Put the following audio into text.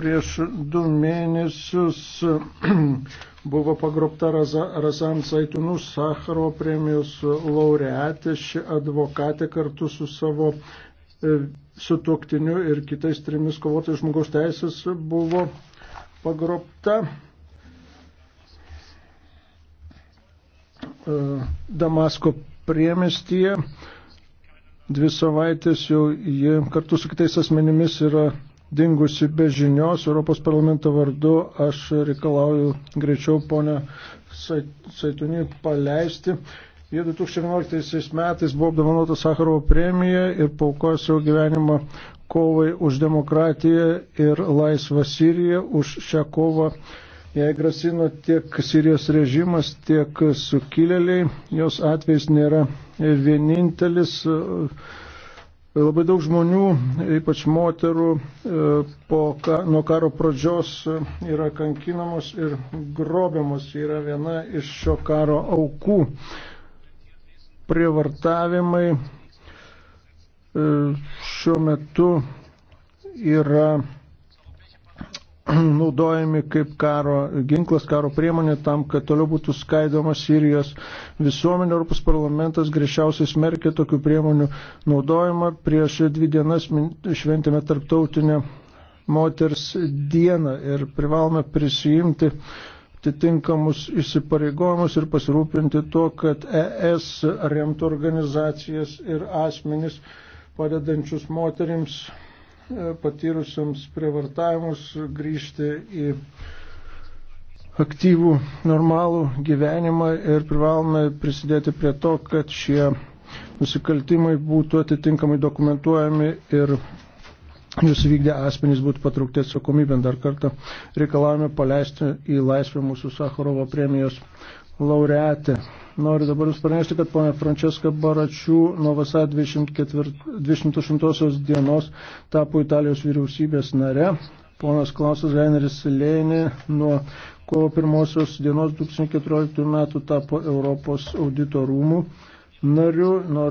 Prieš du mėnesius buvo pagrobta Razan Saitinų Sakaro premijos laureatė, ši advokatė kartu su savo e, su tuoktiniu ir kitais trimis kovotojais žmogaus teisės buvo pagrobta. E, Damasko priemestyje dvi savaitės jau jie kartu su kitais asmenimis yra dingusi be žinios. Europos parlamento vardu aš reikalauju greičiau ponę Saitunį paleisti. Jie 2011 metais buvo apdovanota Sakarovo premija ir paukojo savo gyvenimą kovai už demokratiją ir laisvą Siriją. Už šią kovą jai grasino tiek Sirijos režimas, tiek sukilėliai. Jos atvejs nėra vienintelis. Uh, Labai daug žmonių, ypač moterų, e, po, nuo karo pradžios e, yra kankinamos ir grobiamos, yra viena iš šio karo aukų. Prievartavimai e, šiuo metu yra naudojami kaip karo ginklas, karo priemonė tam, kad toliau būtų skaidoma Sirijos visuomenė. Europos parlamentas griežčiausiai smerkė tokių priemonių naudojimą. Prieš dvi dienas šventėme tarptautinę moters dieną ir privalome prisijimti atitinkamus įsipareigojimus ir pasirūpinti tuo, kad ES remtų organizacijas ir asmenis padedančius moterims patyrusiams prievartavimus grįžti į aktyvų, normalų gyvenimą ir privalome prisidėti prie to, kad šie nusikaltimai būtų atitinkamai dokumentuojami ir jūs vykdę asmenys būtų patraukti atsakomybėn. Dar kartą reikalavome paleisti į laisvę mūsų Sakharovo premijos laureatė. Noriu dabar Jūs pranešti, kad ponė Franceska Baračių nuo vasario 28 dienos tapo Italijos vyriausybės nare. Ponas Klausas Heineris Lėnė nuo kovo 1 dienos 2014 metų tapo Europos audito rūmų nariu.